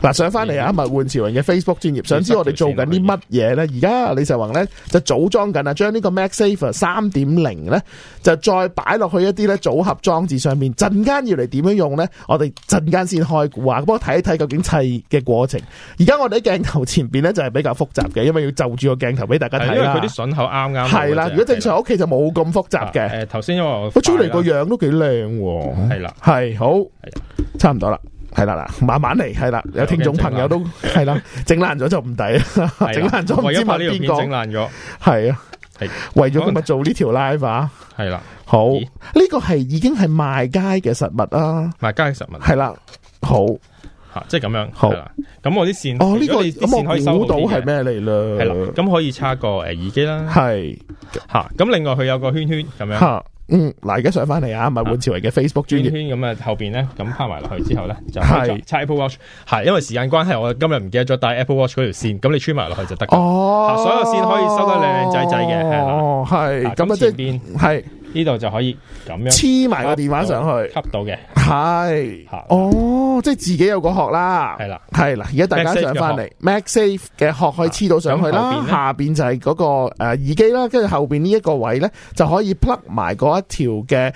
嗱，上翻嚟，啊！物玩潮人嘅 Facebook 專業，想知我哋做緊啲乜嘢咧？而家李世宏咧就組裝緊啊，將呢個 MagSafe 三點零咧就再擺落去一啲咧組合裝置上面，陣間要嚟點樣用咧？我哋陣間先開箱啊！幫我睇一睇究竟砌嘅過程。而家我哋喺鏡頭前邊咧就係比較複雜嘅，因為要就住個鏡頭俾大家睇啦。因為佢啲榫口啱啱。係啦，如果正常屋企就冇咁複雜嘅。誒，頭先因為我出嚟個樣都幾靚。係啦，係好，差唔多啦。係啦，慢慢嚟，係啦。有聽眾朋友都係啦，整爛咗就唔抵，整爛咗唔知問邊個，整爛咗。係啊，係，為咗今日做呢條 live 啊，係啦，好，呢個係已經係賣街嘅實物啊，賣街嘅實物係啦，好。即係咁樣，好。咁我啲線哦，呢個可以收到係咩嚟咧？係啦，咁可以插個誒耳機啦。係，吓，咁另外佢有個圈圈咁樣。吓，嗯，嗱，而家上翻嚟啊，唔係換朝嚟嘅 Facebook 專圈圈咁啊，後邊咧咁拍埋落去之後咧就係插 Apple Watch。係，因為時間關係，我今日唔記得咗帶 Apple Watch 嗰條線，咁你穿埋落去就得。哦，所有線可以收得靚靚仔仔嘅。哦，係。咁前邊係。呢度就可以咁樣黐埋個電話上去，吸到嘅。係，哦，即係自己有個殼啦，係啦，係啦，而家大家上翻嚟，MagSafe 嘅殼可以黐到上去啦，下邊就係嗰個耳機啦，跟住後邊呢一個位咧就可以 plug 埋嗰一條嘅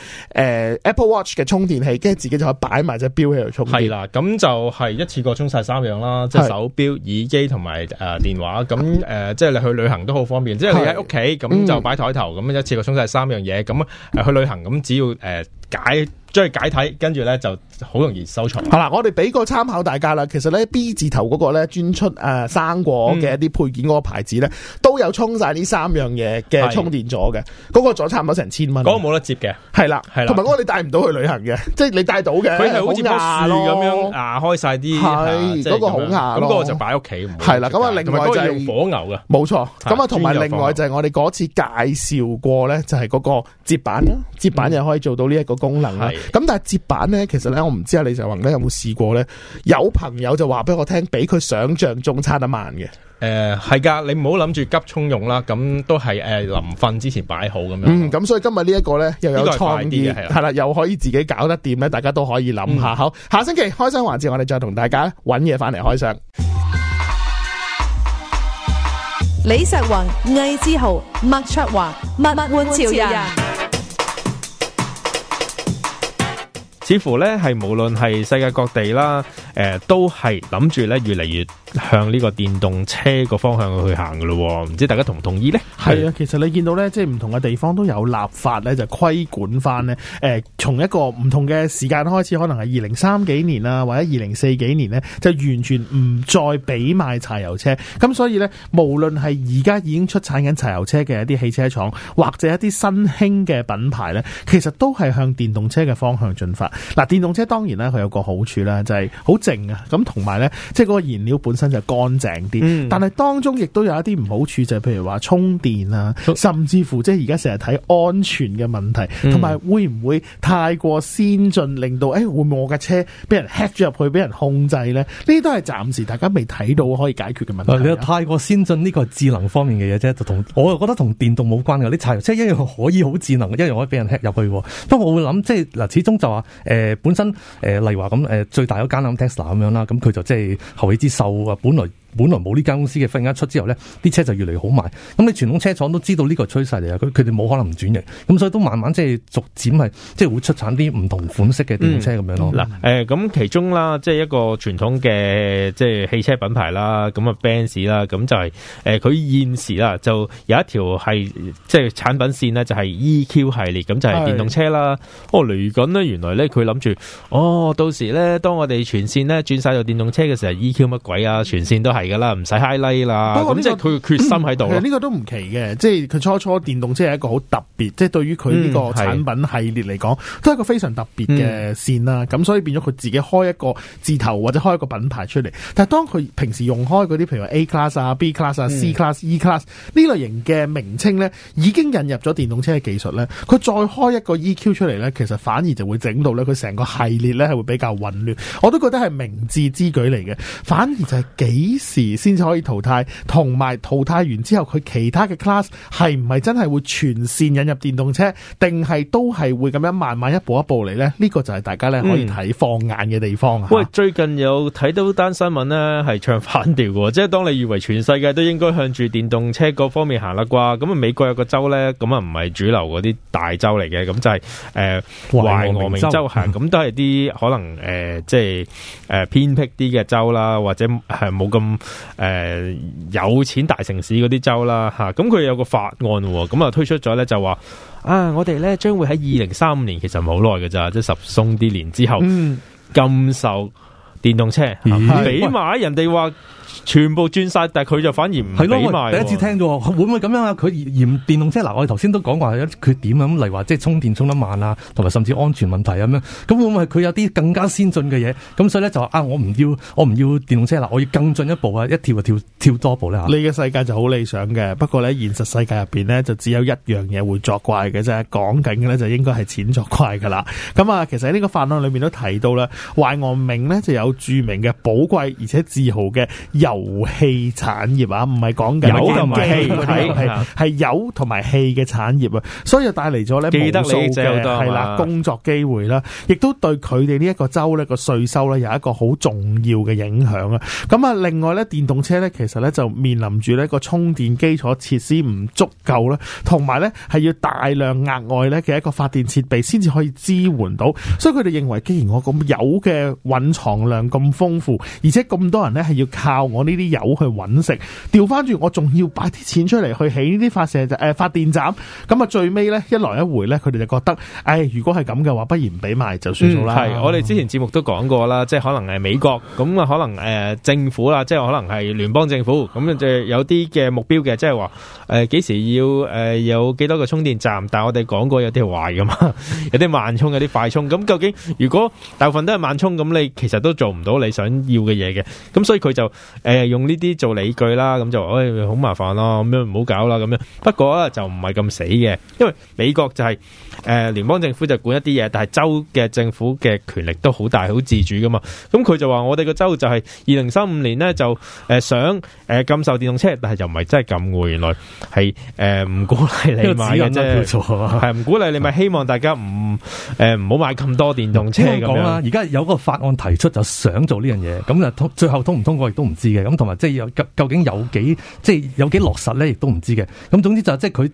Apple Watch 嘅充電器，跟住自己就可以擺埋隻錶喺度充。係啦，咁就係一次過充晒三樣啦，即係手錶、耳機同埋誒電話，咁誒即係你去旅行都好方便，即係你喺屋企咁就擺台頭，咁一次過充晒三樣嘢，咁去旅行咁，只要誒、呃、解。將佢解體，跟住咧就好容易收藏。好啦，我哋俾個參考大家啦。其實咧 B 字頭嗰個咧專出誒生果嘅一啲配件嗰個牌子咧，都有充晒呢三樣嘢嘅充電座嘅。嗰個座差唔多成千蚊。嗰個冇得接嘅，係啦，係啦。同埋嗰個你帶唔到去旅行嘅，即係你帶到嘅。佢係好似棵樹咁樣，牙開晒啲。嗰個好硬，咁嗰個就擺屋企。係啦，咁啊另外同埋用火牛嘅，冇錯。咁啊同埋另外就係我哋嗰次介紹過咧，就係嗰個接板。接板又可以做到呢一個功能啦。咁、嗯、但係接板咧，其實咧我唔知阿李石宏咧有冇試過咧，有朋友就話俾我聽，比佢想象中差得慢嘅。誒、呃，係噶，你唔好諗住急沖用啦，咁都係誒臨瞓之前擺好咁樣。嗯，咁所以今日呢一個咧又有創意，係啦，又可以自己搞得掂咧，大家都可以諗下、嗯。好，下星期開箱環節，我哋再同大家揾嘢翻嚟開箱。李石宏、魏之豪、麥卓華、麥麥換潮人。似乎咧係無論係世界各地啦，誒、呃、都係諗住咧越嚟越向呢個電動車個方向去行噶咯，唔知大家同唔同意呢？係啊，其實你見到咧，即係唔同嘅地方都有立法咧，就規管翻呢。誒、呃、從一個唔同嘅時間開始，可能係二零三幾年啦、啊，或者二零四幾年呢，就完全唔再俾賣柴油車。咁所以呢，無論係而家已經出產緊柴油車嘅一啲汽車廠，或者一啲新興嘅品牌呢，其實都係向電動車嘅方向進發。嗱，電動車當然咧，佢有個好處咧，就係好靜啊，咁同埋咧，即係嗰個燃料本身就乾淨啲。嗯、但係當中亦都有一啲唔好處，就係譬如話充電啊，甚至乎即係而家成日睇安全嘅問題，同埋、嗯、會唔會太過先進，令到誒會唔會我架車俾人 hack 咗入去，俾人控制咧？呢啲都係暫時大家未睇到可以解決嘅問題。太過先進呢個智能方面嘅嘢啫，就同我又覺得同電動冇關嘅，啲柴油車一樣可以好智能，一樣可以俾人 hack 入去。不過我會諗，即係嗱，始終就話、是。誒本身誒，例如話，咁最大一間咁 Tesla 咁樣啦，咁佢就即係後起之秀啊，本來。本來冇呢間公司嘅份額出之後咧，啲車就越嚟越好賣。咁你傳統車廠都知道呢個趨勢嚟啊，佢佢哋冇可能唔轉型。咁所以都慢慢即係逐漸係即係會出產啲唔同款式嘅電動車咁樣咯。嗱、嗯，誒、嗯、咁、嗯、其中啦，即係一個傳統嘅即係汽車品牌啦，咁啊 Benz 啦，咁就係誒佢現時啦，就有一條係即係產品線咧，就係 EQ 系列，咁就係電動車啦。是哦嚟緊呢，原來咧佢諗住，哦到時咧，當我哋全線咧轉晒到電動車嘅時候，EQ 乜鬼啊？全線都係。係噶啦，唔使 high 啦。不過呢佢嘅決心喺度，呢、嗯這個都唔奇嘅。即係佢初初電動車係一個好特別，即係對於佢呢個產品系列嚟講，嗯、都係一個非常特別嘅線啦。咁、嗯、所以變咗佢自己開一個字頭或者開一個品牌出嚟。但係當佢平時用開嗰啲，譬如 A class 啊、B class 啊、C class、嗯、E class 呢類型嘅名稱呢，已經引入咗電動車嘅技術呢，佢再開一個 EQ 出嚟呢，其實反而就會整到呢，佢成個系列呢係會比較混亂。我都覺得係明智之舉嚟嘅，反而就係幾。時先至可以淘汰，同埋淘汰完之後，佢其他嘅 class 係唔係真係會全線引入電動車，定係都係會咁樣慢慢一步一步嚟呢？呢、呢個就係大家呢可以睇放眼嘅地方、嗯、啊！喂，最近有睇到單新聞呢，係唱反調嘅，即係當你以為全世界都應該向住電動車嗰方面行啦啩？咁啊，美國有個州呢，咁啊唔係主流嗰啲大州嚟嘅，咁就係誒懷俄明州行，咁、嗯、都係啲可能誒、呃，即係誒、呃、偏僻啲嘅州啦，或者係冇咁。誒、呃，有錢大城市嗰啲州啦吓，咁、啊、佢有個法案，咁啊就推出咗咧就話啊，我哋咧將會喺二零三五年，其實唔好耐㗎咋，即十鬆啲年之後禁售、嗯、電動車，起碼咦人哋話。全部轉晒，但係佢就反而唔俾賣。第一次聽到，會唔會咁樣啊？佢嫌電動車嗱，我哋頭先都講過係一缺點啊，例如話即係充電充得慢啊，同埋甚至安全問題咁、啊、樣。咁會唔會佢有啲更加先進嘅嘢？咁所以咧就啊，我唔要，我唔要電動車啦，我要更進一步啊，一跳就跳跳多步呢、啊。呢個世界就好理想嘅，不過咧現實世界入邊呢，就只有一樣嘢會作怪嘅啫。講緊嘅咧就應該係錢作怪噶啦。咁啊，其實喺呢個法案裏面都提到啦，壞惡名呢，就有著名嘅寶貴而且自豪嘅油氣產業啊，唔係講緊油同埋氣係係油同埋氣嘅產業啊，所以帶嚟咗呢，記得你係啦工作機會啦，亦都對佢哋呢一個州呢個稅收呢有一個好重要嘅影響啊。咁啊，另外呢，電動車呢，其實呢就面臨住呢個充電基礎設施唔足夠啦，同埋呢係要大量額外呢嘅一個發電設備先至可以支援到，所以佢哋認為，既然我咁有嘅蘊藏量咁豐富，而且咁多人呢係要靠我。我呢啲油去搵食，調翻轉，我仲要擺啲錢出嚟去起呢啲發射誒、呃、發電站，咁啊最尾咧一來一回咧，佢哋就覺得誒，如果係咁嘅話，不如唔俾賣就算數啦。係、嗯嗯、我哋之前節目都講過啦，即係可能係美國咁啊，可能誒、呃、政府啦，即係可能係聯邦政府咁就有啲嘅目標嘅，即係話誒幾時要誒、呃、有幾多個充電站，但係我哋講過有啲壞噶嘛，有啲慢充有啲快充，咁究竟如果大部分都係慢充，咁你其實都做唔到你想要嘅嘢嘅，咁所以佢就。誒，用呢啲做理據啦，咁就誒好、哎、麻煩咯、啊，咁樣唔好搞啦，咁樣。不過啊，就唔係咁死嘅，因為美國就係、是。誒，聯、呃、邦政府就管一啲嘢，但係州嘅政府嘅權力都好大，好自主噶嘛。咁佢就話我哋個州就係二零三五年呢，就誒、呃、想誒、呃、禁售電動車，但係又唔係真係咁。原來係誒唔鼓勵你買嘅啫，係唔、就是、鼓勵你咪希望大家唔誒唔好買咁多電動車咁啦。而家有個法案提出就想做呢樣嘢，咁就最後通唔通過亦都唔知嘅。咁同埋即係究竟有幾即係有幾落實咧，亦都唔知嘅。咁總之就是、即係佢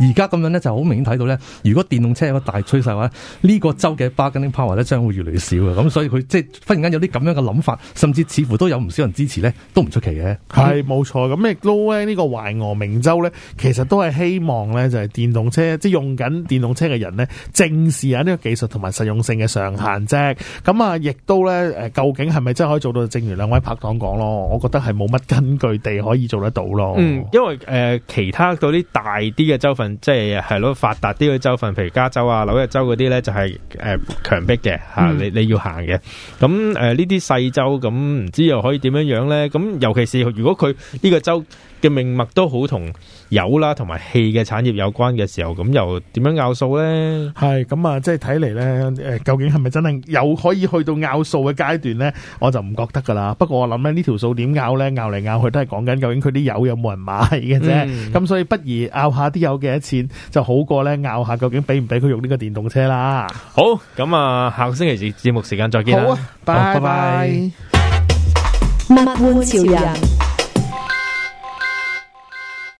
而家咁樣咧，就好明顯睇到咧，如果電電動車有個大趨勢，話呢個州嘅 bargaining power 咧，將會越嚟越少嘅。咁所以佢即係忽然間有啲咁樣嘅諗法，甚至似乎都有唔少人支持咧，都唔出奇嘅。係冇錯，咁亦都咧呢個懷俄明州咧，其實都係希望咧就係、是、電動車，即係用緊電動車嘅人咧，正視下呢個技術同埋實用性嘅上限啫。咁啊，亦都咧誒，究竟係咪真係可以做到？正如兩位拍檔講咯，我覺得係冇乜根據地可以做得到咯、嗯。因為誒、呃、其他到啲大啲嘅州份，即係係咯發達啲嘅州份，譬如。加州啊、紐約州嗰啲咧就係、是、誒、呃、強迫嘅嚇、嗯啊，你你要行嘅。咁誒呢啲細州咁，唔知又可以點樣樣咧？咁尤其是如果佢呢、這個州。嘅命脈都好同油啦，同埋氣嘅產業有關嘅時候，咁又點樣拗數咧？係咁啊，即係睇嚟咧，誒，究竟係咪真係有可以去到拗數嘅階段咧？我就唔覺得噶啦。不過我諗咧，呢條數點拗咧，拗嚟拗去都係講緊究竟佢啲油有冇人買嘅啫。咁所以不如拗下啲油幾多錢，就好過咧拗下究竟俾唔俾佢用呢個電動車啦。好，咁啊，下個星期節節目時間再見啦，拜拜。物玩潮人。